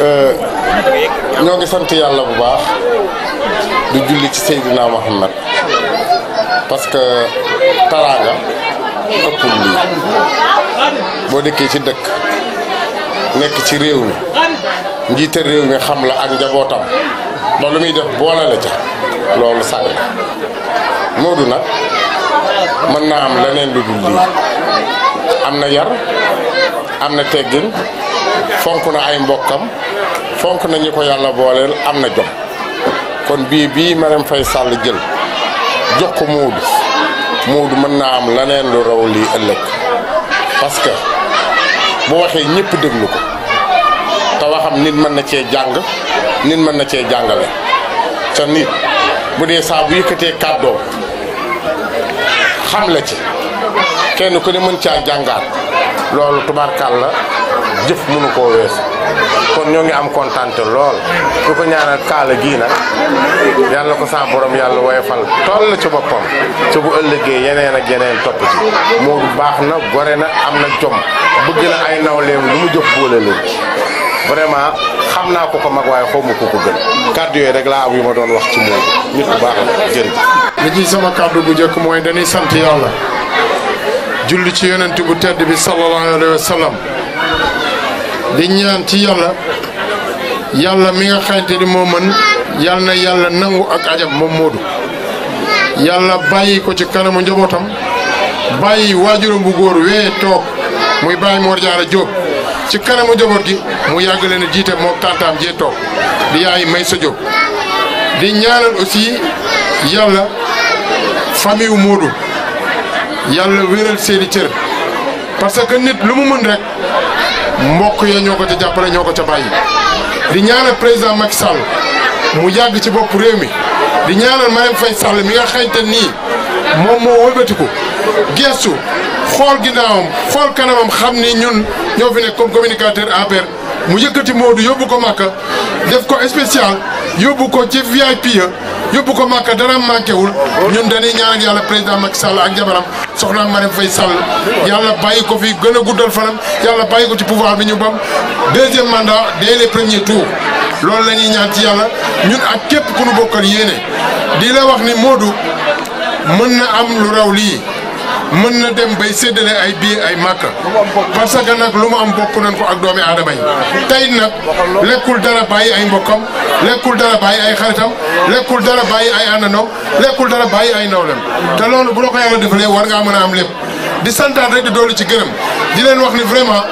Euh, ñoo ngi sant yàlla bu baax du julli ci Seydina Muhammad parce que taraanga ëppul lii boo dëkkee ci dëkk nekk ci réew mi njiite réew mi xam la ak njabootam ba lu muy def boole la ca loolu sànni Modou nag mën naa am leneen lu dul lii am na yar am na teggin fonk na ay mbokkam fonk na ñi ko yàlla booleel am na jom kon bii bii Marème fay sàll jël jox ko Moodu Moodu mën naa am leneen lu raw lii ëllëg parce que bu waxee ñëpp déglu ko te waxam nit mën na cee jàng nit mën na cee jàngale te nit bu dee saa bu yëkkatee kàddoom xam la ci kenn ku ne mën caa jàngaat loolu tubaarkàl la jëf mënu koo weesu kon ñoo ngi am kontante lool ku ko ñaanal kaala gii nag yàlla ko sa borom yàlla woyofal toll ci boppam ci bu ëllëgee yeneen ak yeneen topp ci moo baax na gore na am na jom bëgg na ay nawleem lu mu jëf boole leen vraiment xam naa ko ko mag waaye xaw ma ko ko kàddu yooyu rek laa am yu ma doon wax ci moom nit ku baax la jërëjëf li ci sama kàddu bu njëkk mooy dañuy sant yàlla julli ci yonent bu tedd bi sallallahu alayhi di ñaan ci yàlla yàlla mi nga xamante ni moo mën yàlla na yàlla nangu ak ajab moom Modou yàlla bàyyi ko ci kanamu njabootam bàyyi waajuram bu góor wee toog muy bàyyi Mor Diarra Diop ci kanamu njaboot gi mu yàgg leen a jiite moom tantaam jee toog di yaay may sa Diop di ñaanal aussi yàlla famille wu yàlla wéral seeni cër parce que nit lu mu mën rek mbokk yee ñoo ko ca jàppale ñoo ko ca bàyyi di ñaanal président Macky Sall mu yàgg ci bopp réew mi di ñaanal Marième Faye Sall mi nga xañte nii moom moo wëlbatiku gestu xool ginnaawam xool kanamam xam ni ñun ñoo fi nekk comme communicateur APR mu yëkkati Modou yóbbu ko Màkka def ko spécial. yóbbu ko ci VIP ya yóbbu ko Màkka dara manqué wul ñun dañuy ñaan yàlla président Macky Sall ak jabaram soxna Marème Faye Sall yàlla bàyyi ko fi gën a guddal fanam yàlla bàyyi ko ci pouvoir bi ñu bam deuxième mandat dès les premiers tours loolu la ñuy ñaan ci yàlla ñun ak képp ku nu bokkal yéene dii la wax ni Modou mën na am lu raw lii. mën na dem bay séddale ay bii ay màkka parce que nag lu mu am bokk nañ ko ak doomi aadama yi tey nag lekkul dara bàyyi ay mbokkam lekkul dara bàyyi ay xaritam lekkul dara bàyyi ay àndandoo lekkul dara bàyyi ay nawlem te loolu bu la ko yàlla defalee war ngaa mën a am lépp di santaat rek doolu ci gërëm di leen wax ni vraiment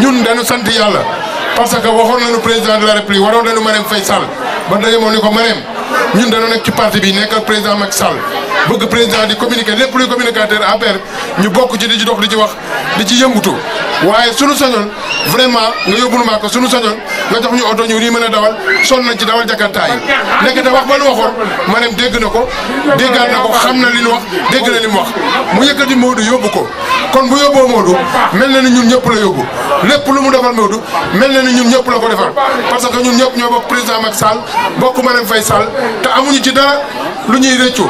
ñun dañu sant yàlla parce que waxoon nañu président de la république waroon nañu Marème Faye Sall ba daje ni ko Marème ñun dañoo parti bi nekkal président Macky Sall bëgg président di communiquer lépp luy communicateur APR ñu bokk ci di ci dox di ci wax di ci yëngutu waaye sunu sañoon vraiment nga yóbbul maa ko sunu sañoon nga jox ñu oto ñu nii mën a dawal sonn nañ ci dawal jakartaa yi nekk te wax ba nu waxoon ma dem dégg na ko déggaat na ko xam na li nu wax dégg na li wax mu yëkkati Modou yóbbu ko kon bu yóbboo Modou mel na ni ñun ñëpp la yóbbu lépp lu mu defal Modou mel na ni ñun ñëpp la ko defal parce que ñun ñëpp ñoo bokk président Macky Sall bokk Marème Faye Sall te amuñu lu ñuy rëccu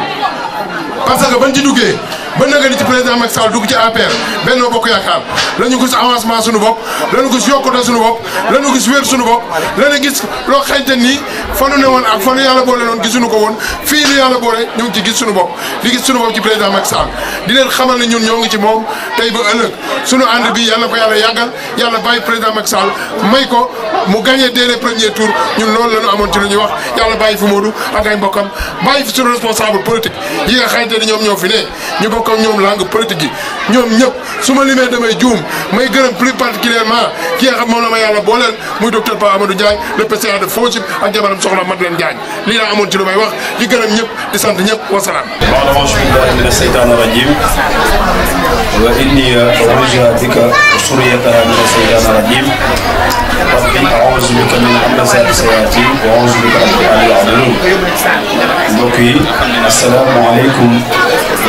parce que bañ ci duggee ba nga ni ci président Macky Sall dugg ci APR Bokk Yaakaar la gis avancement suñu bopp la ñu gis yokkute suñu bopp la gis wér suñu bopp la gis loo xamante ni fanu ne woon ak fanu yàlla boole noonu gisuñu ko woon fii nu yàlla boole ñu ngi ci gis suñu bopp di gis suñu bopp ci président Macky Sall xamal ne ñun ñoo ngi ci moom tey ba ëllëg suñu ànd bi yàlla ko yàlla yàggal yàlla bàyyi président Macky Sall may ko mu gagné dès le premier tour ñun loolu la ñu amoon ci lu ñuy wax yàlla bàyyi fi Modou ak ay mbokkam bàyyi fi suñu responsable politique yi nga xamante ñoom ñëpp su ma limee damay juum may gërëm plus particulièrement ki nga xam moom la ma yàlla booleel muy docteur Pa Amadou Diagne le PCA de Fongib ak jabaram soxna Madeleine Diagne lii laa amoon ci lu may wax di gërëm ñëpp di sant ñëpp wasalaam. بعد أعوذ بالله من الشيطان الرجيم وإني أعوذ بك وسريتها من الشيطان الرجيم ربي أعوذ asalaamaaleykum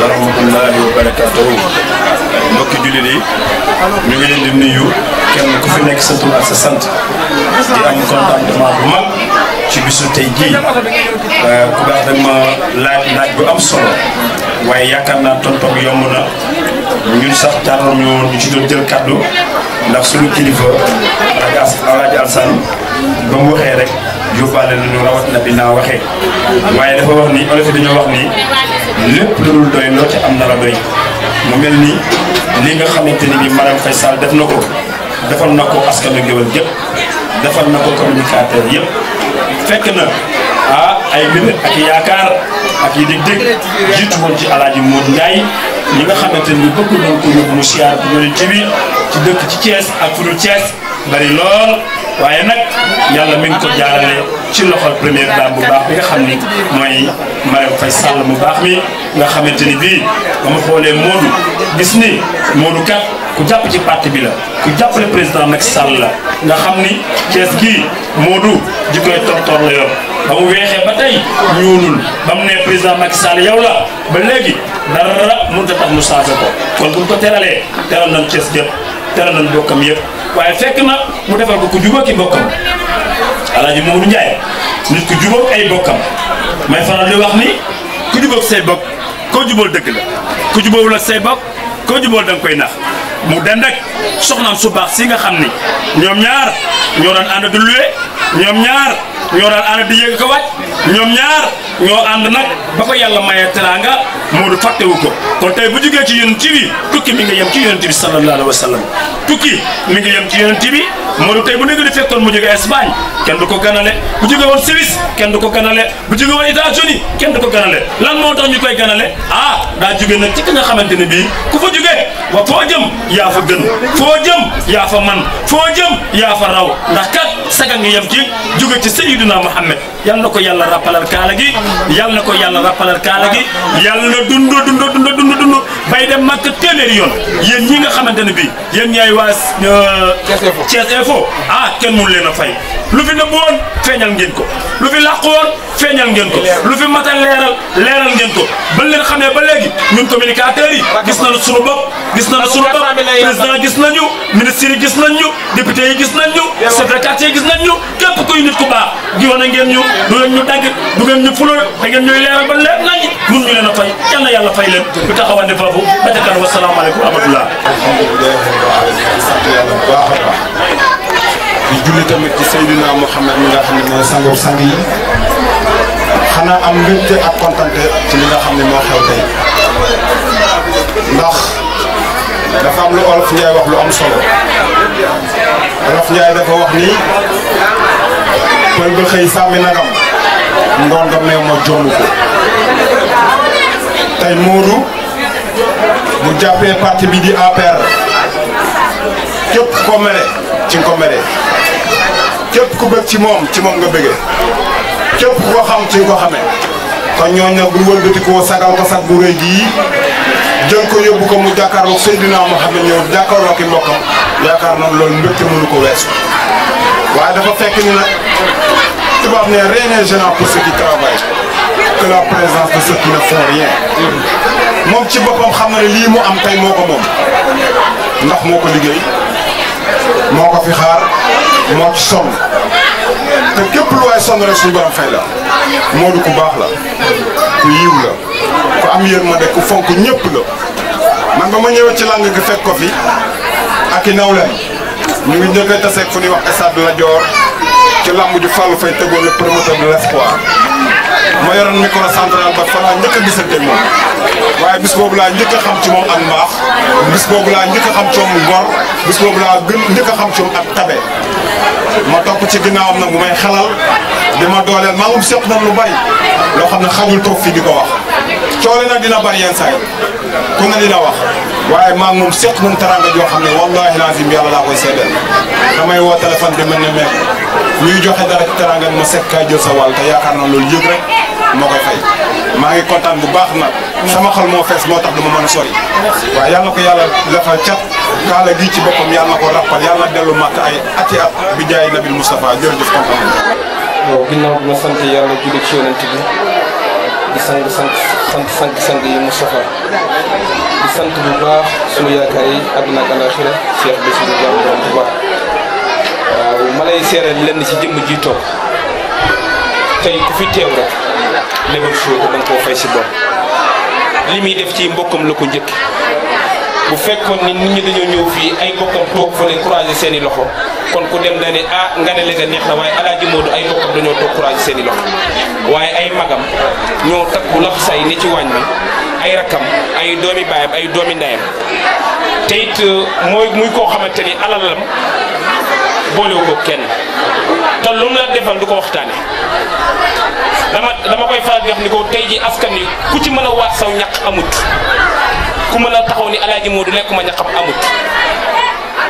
wa rahmatullahi wa barakatuhu mbokki jullit yi ñu ngi nuyu kenn ku fi nekk sa tur ak sa sant di am contentement bu mag ci bisu tey jii euh, ku baax dag laaj laaj bu am solo waaye yaakaar naa tontoog yomb na ñun sax tànn ñu ñu ci doon jël kàddu ndax suñu kilifa ak Alaaji Alsaan ba mu waxee rek yóbbaale nañu rawatina bi naa waxee waaye dafa wax ni olof yi dañoo wax ni lépp lu doy loo ci am nar a mu mel ni li nga xamante ni bi Marème Faye Sall def na ko defal na ko askanu géwël yëpp defal na ko communicateur yëpp fekk na ah ay mbir ak yaakaar ak yi dég-dég jiitu woon ci alaaji Modou Ndiaye ñi nga xamante ni bëgg nañ ko yóbbu mu siyaar bu ñëwee ci biir ci dëkk ci Thiès ak fu dul Thiès bari lool waaye nag yàlla mi ngi ko jaarale ci loxol première dame bu baax bi nga xam ni mooy Marème Faye Sall mu baax mi nga xamante ni bii ba ma xoolee Modou. gis ni Modou Kat ku jàpp ci parti bi la ku jàppale président Macky Sall la nga xam ni Thiès gii Modou ji koy tortoor la yor ba mu weexee ba tey ñuulul ba mu ne président Macky Sall yow la ba léegi dara mënut a tax mu changé ko kon bu ñu ko teralee teral nañ cees gépp teral nañ bokkam yëpp waaye fekk na mu defal ko ku jubóo ki bokkam Alaaji Modou Ndiaye nit ku jubóog ay bokkam may faral di wax ni ku jubóog say bokk koo jubóol dëgg la ku jubóowul ak bokk. koo jubóol da koy nax mu den rek soxnaam su baax si nga xam ni ñoom ñaar ñoo doon ànd du luwe ñoom ñaar ñoo daan ànd di yëg ko wàcc ñoom ñaar ñoo ànd nag ba ko yàlla maye teraanga Moodu fàttewu ko kon tey bu jugee ci yonent bi tukki mi ngi yem ci yonent bi sallallahu alayhi wa sallam tukki ci yonent bi Moodu tey bu nekk di fekkoon mu jógee Espagne kenn du ko ganale bu jógee woon Suisse kenn du ko ganale bu jógee woon États-Unis kenn du ko ganale lan moo tax ñu koy ganale ah daa jógee nag ci ki nga xamante ne bii ku fa jógee wa foo jëm yaa fa gën foo jëm yaa fa man foo jëm yaa fa raw ndax gi jóge ci Seydina Muhammad yal na ko yàlla rappalal kaala gi yal na ko yàlla rappalal kaala gi yal na dund dund dund bay dem màkk téeméeri yoon yéen ñi nga xamante bii yéen ñaay waa Thiès Info ah kenn mënu leen a fay lu fi nëbbu woon feeñal ngeen ko lu fi làqu woon feeñal ngeen ko lu fi mat a leeral leeral ngeen ko ba leen xamee ba léegi ñun communicateurs yi gis nañu suñu bopp gis nañu suñu bopp président gis nañu ministre yi gis nañu député yi gis nañu chef de quartier yi gis nañu képp kuy nit ku baax giwoon na ngeen ñu du ngeen ñu dagg du ngeen ñu fulal da ngeen ñuy leeral ba leer nañ mun ñu leen a fay yal na yàlla fay leen bu taxawande foofu ba ca kanam wasalaamaaleykum rahmatullah di julli tamit ci Seydina Mouhamed mi nga xam ne mooy sangu sang yi xanaa am mbégte ak kontante ci li nga xam ne moo xew tey ndax dafa am lu olof Njaay wax lu am solo olof Njaay dafa wax ni pël ba xëy sàmmi nagam ndonga meew ma jomb ko tey Moodu bu jàppee parti bi di APR képp ko mere ci ko mere képp ku bëgg ci moom ci moom nga bëggee képp koo xam ci ko xamee kon ñooñ nag bu wëlbati koo sagal ko sag bu rëy gii jël ko yóbbu ko mu jàkkaarloog Seydina Muhammad ñëw jàkkaarloo ki mbokkam yaakaar naa loolu mbégte mënu ko weesu waaye dafa fekk ni nag tubaab ne rien n'est gênant pour ceux qui travaillent que la présence rien moom ci boppam xam na ne lii mu am tey moo ko moom ndax moo ko liggéey moo ko fi xaar moo ci sonn te képp lu waay sonn rek fay la Modou ku baax la ku yiw la ku am yërmande ku fonk ñëpp la man ba ma ñëwee ci lang gi fekk ko fi ak i nawleen ñu ngi njëkk a taseeg fu ñuy wax stade la Dior ci lamb ju Fallou Faye tëggoon le promoteur l'espoir ma yoroon micro central ba fa laa njëkk a gisante moom waaye bis boobu laa njëkk xam ci moom ak mbaax bis boobu laa njëkk a xam ci moom ngor bis boobu laa gën njëkk xam ci moom ak tabe ma topp ci ginnaawam nag bu may xelal di ma dooleel maa ngi seq nag lu bari loo xam ne xajul toog fii di ko wax coole na dina bari yenn saa yi ku ne dina wax waaye maa ngi moom seq nañ teraanga joo xam ne wallaahi laazim yàlla laa koy seedeel damay woo téléphone di mën ne meek ñuy joxe dara ci teraanga ma seq kaay jël sa wàll te yaakaar naa loolu yëg rek. moo koy fay maa ngi kontaan bu baax na sama xol moo fees moo tax du ma mën a sori yàlla ko yàlla defal cat kaala gi ci boppam yàlla ko rappal yàlla dellu màkk ay ati at bi jaay nabil Moustapha jërëjëf kontaan waaw ginnaaw bi ma sant yàlla julli ci yonent bi di sang sant sant sant sant yi di sant bu baax sunu yaakaar yi àdduna ak alaxira Cheikh Bassirou Diagne Borom Touba waaw ma lay seereel lenn ci jëmm ji toog tey ku fi teew rek level show da nga koo fay si bor li muy def ci mbokkam la ko njëkk bu fekkoon ni nit ñi dañoo ñëw fii ay mbokkam toog fa leen croiser seeni loxo kon ku dem da ne ah nga neex na waaye alaaji Modou ay mbokkam dañoo toog croiser seeni i loxo waaye ay magam ñoo takk bu lax say ni ci waañ bi ay rakkam ay doomi baayam ay doomi ndayam te it euh, mooy muy koo xamante ni alalam boolewu ko kenn te lu mu la defal du ko waxtaane dama dama koy faral ni ko tey ji askan yi ku ci mën a waat saw ñaq amut ku mën a taxaw ni alaaji Moodu lekkuma ñaqam amut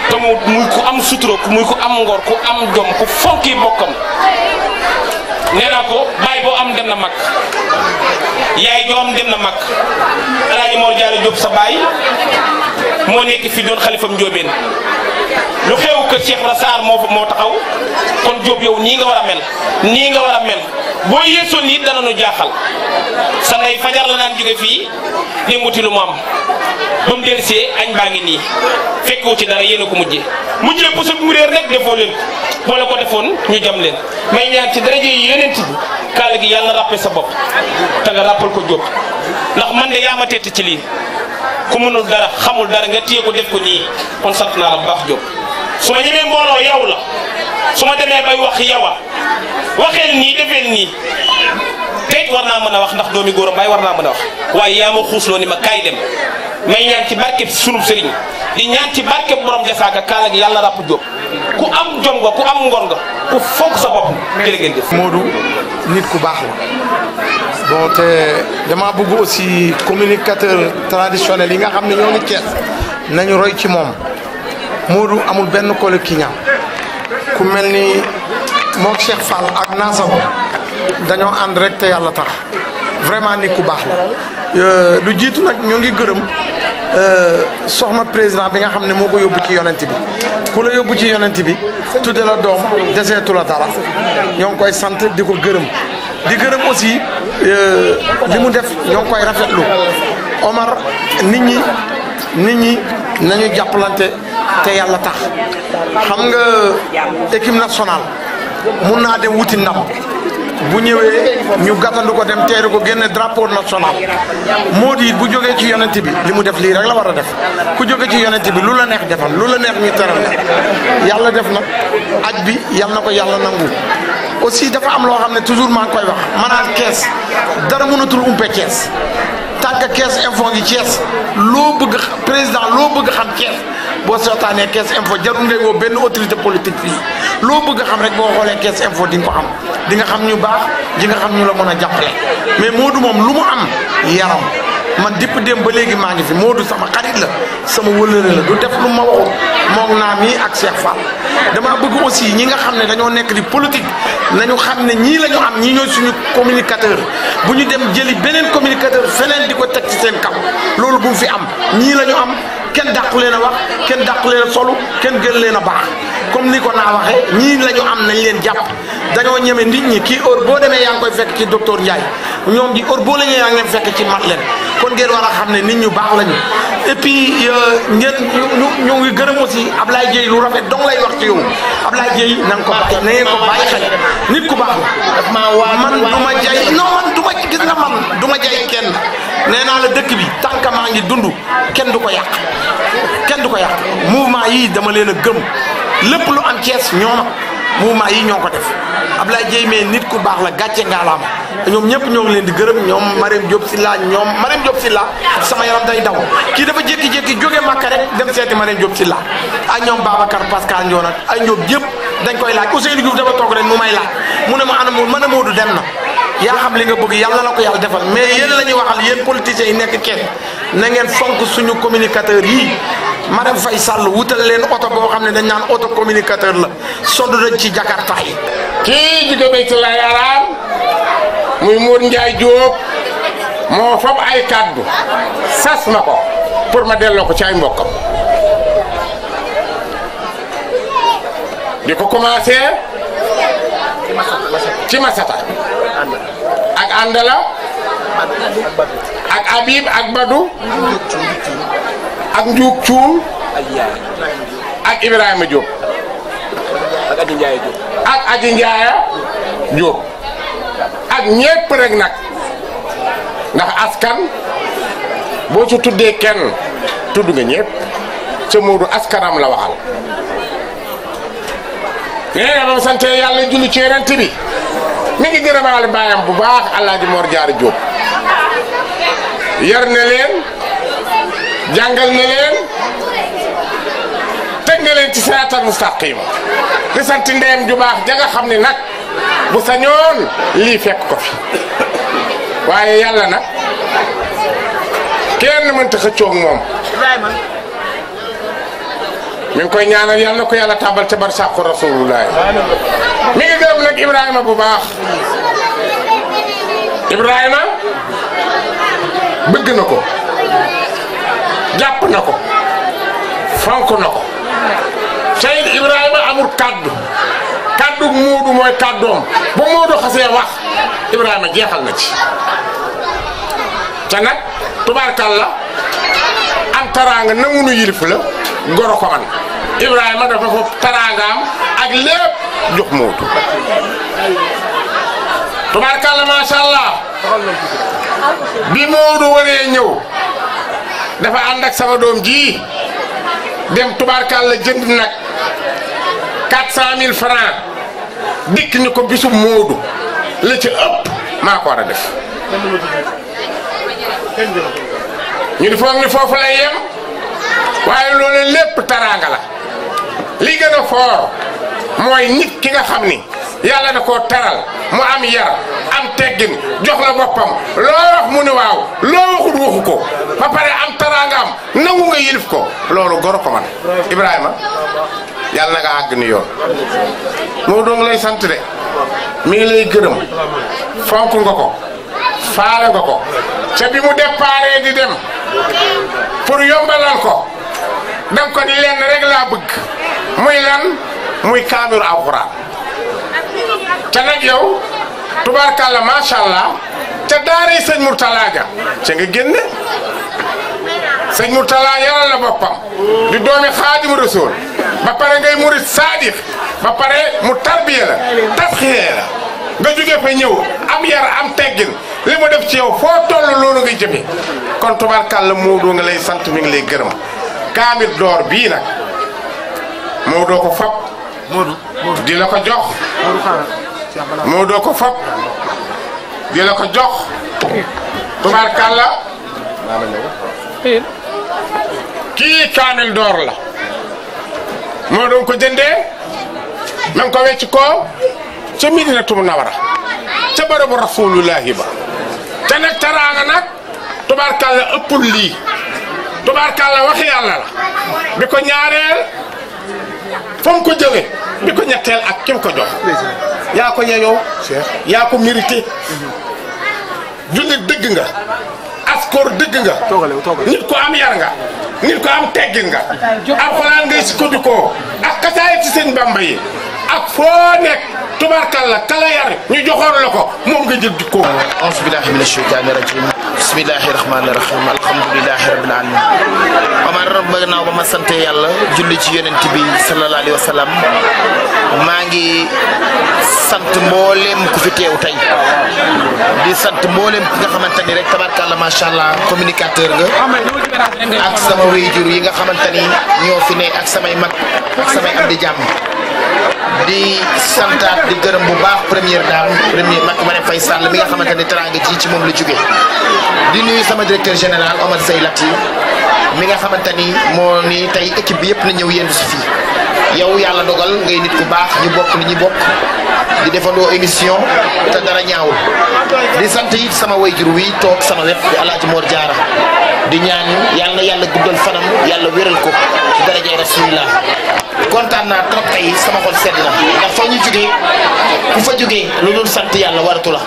te mu muy ku am sutura ku muy ku am ngor ku am jom ku fonki bokkam nee naa ko bàyyi boo am dem na mag yaay joom dem na mag alaaji Mor Diallo Diop sa baay moo nekk fi doon xalifam njóobeen lu xew ko Cheikh Rassar moo moo taxaw kon Diop yow nii nga war a mel nii nga war a mel boo yéesoon yi dana nu jaaxal sa ndey fajar la naan jóge fii di muti lu mu am ba mu see añ baa ngi nii fekkewu ci dara yéen a ko mujje mujjee puso bu mu réer rek defoo leen ko ko defoon ñu jam leen may ñaan ci daraje yi yeneen bi kaala gi yàlla ràppe sa bopp te nga ràppal ko jóg ndax man de yaa ma tett ci lii ku mënul dara xamul dara nga téye ko def ko nii kon sant naa la baax jóg su ma ñemee mbooloo yow la su ma demee bay wax yowa waxeel nii defeel nii tey war naa mën a wax ndax doomi góoram bay war naa mën a wax waaye yaa ma xuusloo ni ma kaay dem may ñaan ci barkeb sunub sëriñ di ñaan ci barkeb borom jasaaka kaal ak yàlla ràpp jóob ku am jom nga ku am ngor nga ku foog sa bopp jërë ngeen jëf du nit ku baax la bon te dama bëgg aussi communicateur traditionnel yi nga xam ne ñoo ni Cees nañu roy ci moom Modou amul benn kole ki ñaam ku mel ni mook Cheikh Fall ak Nassau dañoo ànd rek te yàlla tax vraiment nit ku baax la. Euh, lu jiitu nag ñu ngi gërëm euh, soxma président bi nga xam ne moo ko yóbbu ci yonent bi ku la yóbbu ci yonent bi tudde la doom deseetu la dara ñoo ngi koy sant di ko gërëm di gërëm aussi euh, li mu def ñoo ngi koy rafetlu Omar nit ñi nit ñi nañu jàppalante. te yàlla tax xam nga équipe nationale mun naa dem wuti ndam bu ñëwee ñu gàttandu ko dem teeru ko génne drapeau national moo di bu jógee ci yonent bi li mu def lii rek la war a def ku jóge ci yonent bi lu la neex defal lu la neex ñu teral la yàlla def na aj bi yal na ko yàlla nangu aussi dafa am loo xam ne toujours maa ngi koy wax maanaam kees dara mënatul umpe kees tàgg kees info ngi kees loo bëgg président loo bëgg xam kees boo seetaanee Cees Info jarul ngay woo benn autorité politique fii loo bëgg a xam rek boo xoolee Cees Info di nga ko di nga xam ñu baax di nga xam ñu la mën a jàppale mais Modou moom lu mu am yaram man dipp dem ba léegi maa ngi fi Modou sama xarit la sama wëllëre la du def lu ma waxul moom naa mii ak Cheikh Fall dama bëgg aussi ñi nga xam ne dañoo nekk di politique nañu xam ne ñii la am ñii ñooy suñu communicateur bu dem jëli beneen communicateur feneen di ko teg ci seen kaw bu fi am ñii la am kenn dàqu leen a wax kenn dàqu leen a solu kenn gën leen a baax comme ni ko naa waxee ñii la ñu am nañ leen jàpp dañoo ñeme nit ñi kii heure boo demee yaa ngi koy fekk ci docteur Ndiaye ñoom di heure boo la ñëwee yaa ngi leen fekk ci mat leen kon ngeen war a xam ne nit ñu baax lañu et puis euh, ngeen ñu ñu ngi gërëm aussi Ablaye Dieye lu rafet dong lay wax yow Ablaye Dieye na nga ko bàyyi na ngeen ko bàyyi xel nit ku baax la man du ma jay non man du ma gis du ma jay kenn nee naa la dëkk bi tant que maa ngi dund kenn du ko yàq kenn du ko yàq mouvement yii dama leen a gëm lépp lu am Thiès ñooma mouvement yi ñoo ko def Ablaye Dieye mais nit ku baax la gàcce ngaalaama ñoom ñëpp ñoo leen di gërëm ñoom Marème si laa ñoom Marème Diop Sylla sama yaram day daw kii dafa jékki-jékki jóge Màkka rek dem seeti Marème Diop Sylla ak ñoom Babacar Pascal Ndiol ak ay Ndiop yëpp dañ koy laaj Ousseynou Diouf dafa toog rek mu may laaj mu ne ma ana mën a Modou dem na yaa xam li nga bëgg yàlla la ko yàlla defal mais yéen la ñuy waxal yéen politiciens yi nekk kenn na ngeen fonk suñu communicateurs yi madame fay sall wutal leen oto boo xam ne dañ naan auto communicateur la sond nañ ci jakarta yi kii judo bay ci la yaram muy mour njaay jóob moo fab ay kàddu sas ma ko pour ma delloo ko ci ay mbokkam di commencé ci masata ak andala ak abib ak badu ak Ndiou Thium. ak Ibrahima a ak Adji Ndiaye ak Adji Ndiaye Diop. ak ñépp rek nag ndax askan boo ci tuddee kenn tudd nga ñépp ca Moodu askanam la waxal. léegi nag bam yàlla julli ci Yonent bi mi ngi gërëmaale baayam bu baax El Hadj Mor Diarra Diop yar na leen. jàngal na leen teg na leen ci siraatal mustaqima di sant ndeyam ju baax ja nga xam ne nag bu sañoon lii fekk ko fi waaye yàlla na kenn mënta xëccoog moom mi koy ñaanal yàlla ko yàlla tàbbal ca barsàqu rasulullah mi ngi gërëm nag Ibrahima bu baax Ibrahima bëgg na ko. jàpp na ko fonk na ko Cheikh Ibrahima amul kaddu kaddu Moodu mooy kaddoom bu Moodu xasee wax Ibrahima jeexal na ci te nag tubaarkàlla am taraanga nangu nu yilif la goro ko man Ibrahima dafa foofu taraangaam ak lépp jox Moodu tubaarkàlla macha allah bi Moodu waree ñëw. dafa ànd ak sama doom ji dem tubaarkaal la jënd nag 400000 francs dikk ni ko bisu Moodu la ci ëpp maa ko war a def. ñu di foog ni foofu lay yem waaye loolu lépp taraanga la li gën a foor mooy nit ki nga xam ni. yàlla da koo taral mu am yar am teggin jox la boppam loo wax mu ni waaw loo waxul waxu ko ba am taraangaam nangu nga yilif ko loolu goro ko man Ibrahima yàlla na nga àgg ni yoon moo doon sant de mi ngi lay gërëm fonk nga ko faale nga ko bi mu déparé di dem pour yombalal ko danga ko ni lenn rek bëgg muy lan muy kaamiru alxuraan te nag yow tubaarkàlla macha allah ca daaray sëñ Mourtala ga ca nga génne sëñ Mourtala yaral la boppam di domi xaadim rasul ba pare ngay murit saadix ba pare mu tarbiya la tasxiye nga fa am yar am teggin li def ci yow foo toll loolu ngay jëfe kon tubaarkàlla Moodu nga lay sant mi ngi lay gërëm kaamil door bii ko di la ko jox. moo doo ko fab di la ko jox tubaarkàlla kii kaamil door la moo doon ko jëndee ma ko wecc koo ca Madinatu Munawwara ca bërëbu rasulullahi ba te nag taraanga nag tubaarkàlla ëppul lii tubaarkàlla waxi yàlla la bi ko ñaareel fa mu ko jëlee bi ko ak ki ko jox ya ko yeyo ya ko mérité jullit deug nga askor deug nga nit ko am yar nga nit ko am teggin nga alxuraan ngay ci ko ak kasaay ci seen Bamba yi ak fo nek tubarkalla kala yar ñu joxoon la ko nga jël dikko أعوذ بالله من الشيطان الرجيم بسم الله الرحمن الرحيم الحمد لله رب العالمين أما رب ناو بما سنت يالا جولي ci yonent bi sallallahu alayhi wasallam maa ngi sant mboolem ku fi di ki nga allah communicateur nga ak sama wéyjur yi nga ñoo fi ne ak samay mag ak samay di santaat di gërëm bu baax première dame premier ma Marème Faye Sall mi nga xamante ne teraanga ji ci moom la jóge di nuyu sama directeur général Omar Sey Lati mi nga xamante ni moo ni tey équipe bi yëpp na ñëw yendu si fii yow yàlla dogal ngay nit ku baax ñu bokk li ñu bokk di defandoo émission te dara ñaawul di sant it sama jur wi toog sama wet di alaaji Mor Jaara di ñaan yàlla na yàlla guddal fanam yàlla wéral ko ci darajay rasulillah kontaan naa trop tey sama xol sedd na ndax fa ñu jógee ku fa jógee lu dul sant yàlla waratu la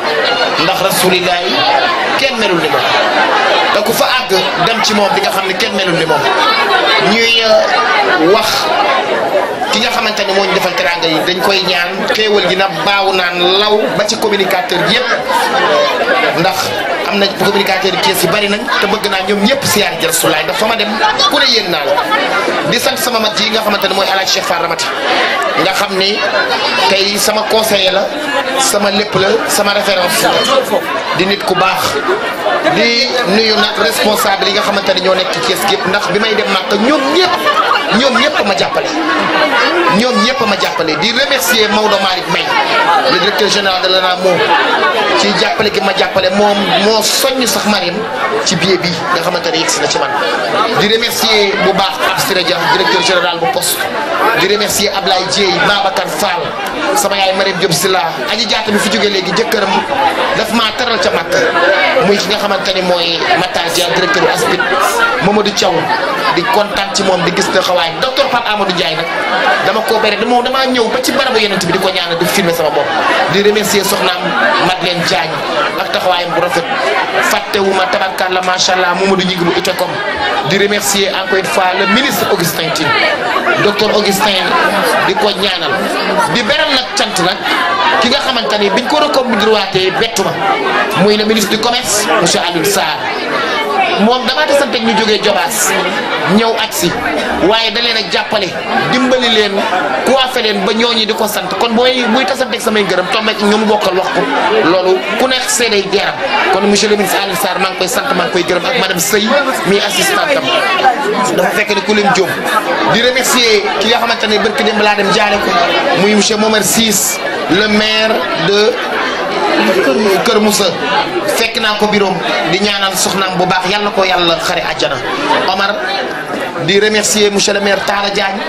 ndax rasulillah kenn melul ni ma te ku fa àgg dem ci moom bi nga xam ne kenn melul ni moom ñuy euh, wax ki nga xamante ne moo ñu defal teranga yi dañ koy ñaan xéewal gi na baaw naan law ba ci communicateur yépp ndax am na communicateur yi si bari nañ te bëgg naa ñoom ñëpp siyaar ji Rasulaay ndax fa ma dem ku ne yéen naa la di sant sama mat yi nga xamante ne mooy El Hadj Cheikh Ramati nga xam ni tey sama conseiller la sama lépp la sama référence la di nit ku baax di nuyu nag responsable yi nga xamante ne ñoo nekk ci Thiès gépp ndax bi may dem màkk ñoom ñëpp ñoom ñëpp ma jàppale ñoom ñëpp ma jàppale di remercier Maodo Malick May le directeur général de l'ANAMO ci jàppale gi ma jàppale moom moo soññ sax Mariam ci biir bi nga xamante ne yegsi na ci man di remercier bu baax Abdoulaye ja directeur général bu poste di remercier Ablaye Dieye Babacar Fall sama yaay Mariam Diop Silla aji jaata bi fi jógee léegi jëkkëram daf ma teral ca Makka muy ki nga xamante ni mooy Matar Dia directeur bu Aspid Mamadou Thiaw di kontaan di gis waaye docteur Pape Amadou Ndiaye nag dama koo bere dama damaa ñëw ba ci barabu yonent bi di ko ñaanal di filmer sama bopp di remercier soxnaam leen Diagne ak taxawaayam bu rafet fàttewuma tabarkalla macha allah Mamadou Ngingue bu Itacom di remercier encore une fois le ministre Augustin Tine docteur Augustin di ko ñaanal di beral nag cant nag ki nga xamante ni biñ ko reconduire waatee bettu ma muy le ministre du commerce monsieur Alioune Sarr moom damaa sant ñu jógee Jobaas ñëw aj si waaye da leen a jàppale dimbali leen coiffé leen ba ñooñu di ko sant kon booy buy tasanteeg samay gërëm tombé ak ñoom bokkal wax ko loolu ku nekk seeday geeram kon monsieur le ministre Alioune Sarr maa ngi koy sant maa ngi koy gërëm ak madame Seye mi assistante am dafa fekk ne ku leen jóom di remercier ki nga xamante ne barki démb laa dem jaale ko muy monsieur Momar Ciss le maire de. kër Moussa fekk naa ko biroom di ñaanal soxnaam bu baax yàlla ko yàlla xare àjjana Omar di remercier monsieur le maire Talla Diagne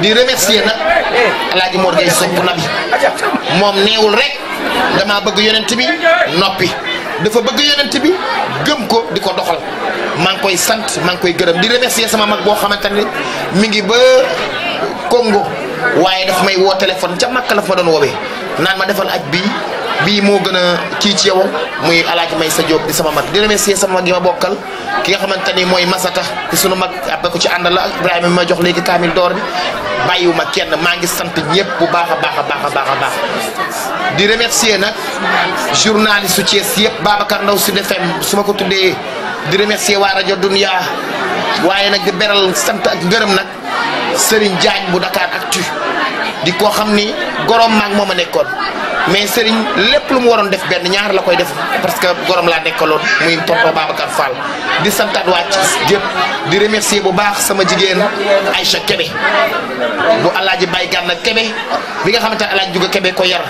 di remercier nag El Hadj Mor Gueye sopp nabi moom neewul rek dama bëgg yonent bi noppi dafa bëgg yonent bi gëm ko di ko doxal maa koy sant maa koy gërëm di remercier sama mag boo xamante ne mi ngi ba Congo waaye daf may woo téléphone ca Makka la fa doon woowee naan ma defal aj bii bii moo gën a kii ci yow muy alaaji may sa Diop di sama mag di remercier sama mag yi ma bokkal ki nga xamante ni mooy Masata di sunu mag après ko ci ànd la Ibrahima mi ma jox léegi kaamil door bi bàyyiwuma kenn maa ngi sant ñëpp bu baax a baax a baax a baax a baax di remercier nag journaliste su Thiès yëpp Babacar Ndaw Sud FM su ma ko tuddee di remercier waa rajo Dunia waaye nag di beral sant ak gërëm nag Serigne Diagne bu Dakar Actu di koo xam ni goroom maa ngi moom a nekkoon. mais Serigne lépp lu mu waroon def benn ñaar la koy def parce que gorom laa nekkaloon muy tonton Babacar Fall di santaat waa Thiès jëpp di remercier bu baax sama jigéen Aïcha Kébé bu alaaji Baye Gànna Kébé bi nga xamante ne alaaji juga kebe ko yar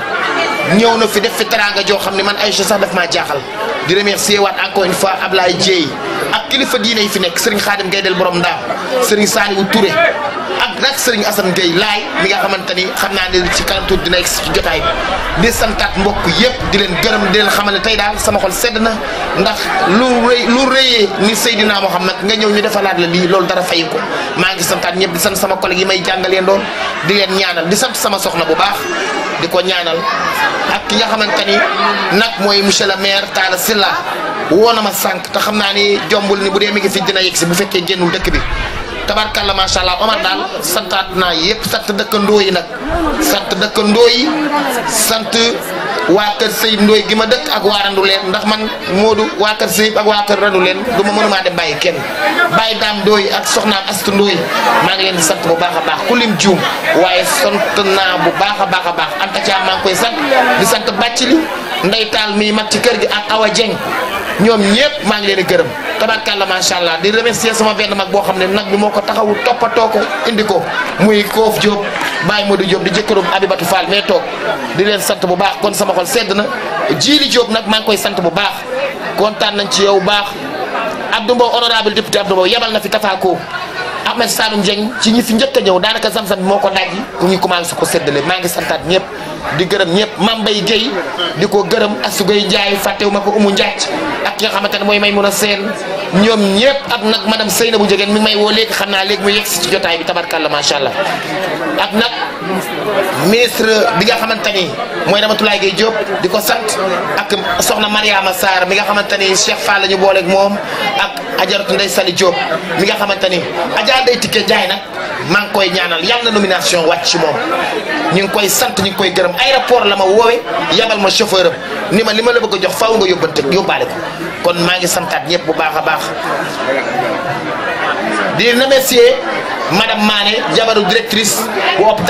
ñëw na fi def fi teraanga joo xam ne man Aïcha sax daf ma jaaxal di remercier waat encore une fois Ablaye Dieye ak kilifa diine yi fi nekk Serigne Khadim Gaydel borom ndaam Serigne Saliou ture ak nag seriñ Assane Gueye laay mi nga xamante ni xam naa ne ci kanam tuuti dina egsi ci jotaay bi di santaat mbokk yëpp di leen gërëm di leen xamal ne tey daal sama xol sedd na ndax lu rëy lu rëyee ni Seydina Mohamed nga ñëw ñu defalaat la lii loolu dara fay ko maa ngi santaat ñëpp di sant sama collègue yi may jàngaleen doon di leen ñaanal di sant sama soxna bu baax di ko ñaanal ak ki nga xamante ni nag mooy monsieur le maire Talla Sylla woo na ma sànq te xam naa ni jombul ni bu dee mi ngi fi dina yegg si bu fekkee génnul dëkk bi tabarkalla macha allah Omar daal santaat naa yëpp sant dëkkandoo yi nag sant dëkkandoo yi sant waa kër sëy Ndooy gi ma dëkk ak waa randu leen ndax man Modou waa kër sëy ak waa kër randu leen du ma mënumaa dem bàyyi kenn bàyyi daam Ndooy ak soxna Astu Ndooy maa ngi leen di sant bu baax a baax ku lim juum waaye sant naa bu baax a baax a baax Anta Thiam maa ngi koy sant di sant bàcc li taal mii mag ci kër gi ak Awa Dieng ñoom ñëpp maa ngi leen di gërëm. tabarkàlla macha allah di remercier sama benn mag boo xam ne nag bi moo ko taxawu toppatoo ko indi ko muy Koof Diop Baye Modou Diop di jëkkëru Abibatu Fall mais toog di leen sant bu baax kon sama xol sedd na Jili Diop nag maa ngi koy sant bu baax kontaan nañ ci yow baax Abdou Mbow honorable député Abdou Mbow yebal na fi Tafa Ahmed Saloum Dieng ci ñi fi njëkk a ñëw daanaka zam moo ko daj pour ñu commencé ko séddale maa ngi santaat ñëpp di gërëm ñëpp Mame Mbaye Guèye di ko gërëm Assou Guèye Ndiaye fàttewuma ko umu Ndiaye ak ki nga xamante ne mooy may a Sène ñoom ñëpp ak nag madame Seyna bu Ndiégeen mu may woo léegi xam naa léegi mu yegg si ci jotaay bi tabarkalla macha allah ak nag. ministre bi nga xamante ni mooy Ramatoulaye Gueye Diop di ko sant ak soxna Mariama Sarr mi nga xamante ni Cheikh Fall la ñu booleeg moom ak Ajaratu Ndeye Sali Diop mi nga xamante ni Adja Ndeye Tické Ndiaye nag maa ngi koy ñaanal yàlla na nomination wàcc ci moom ñu ngi koy sant ñu ngi koy gërëm aéroport la ma woowe yabal ma chauffeur ni ma li ma la bëgg a jox faaw nga yóbbante yóbbaale ko kon maa ngi santaat ñëpp bu baax a baax di remercier madame Mané jabaru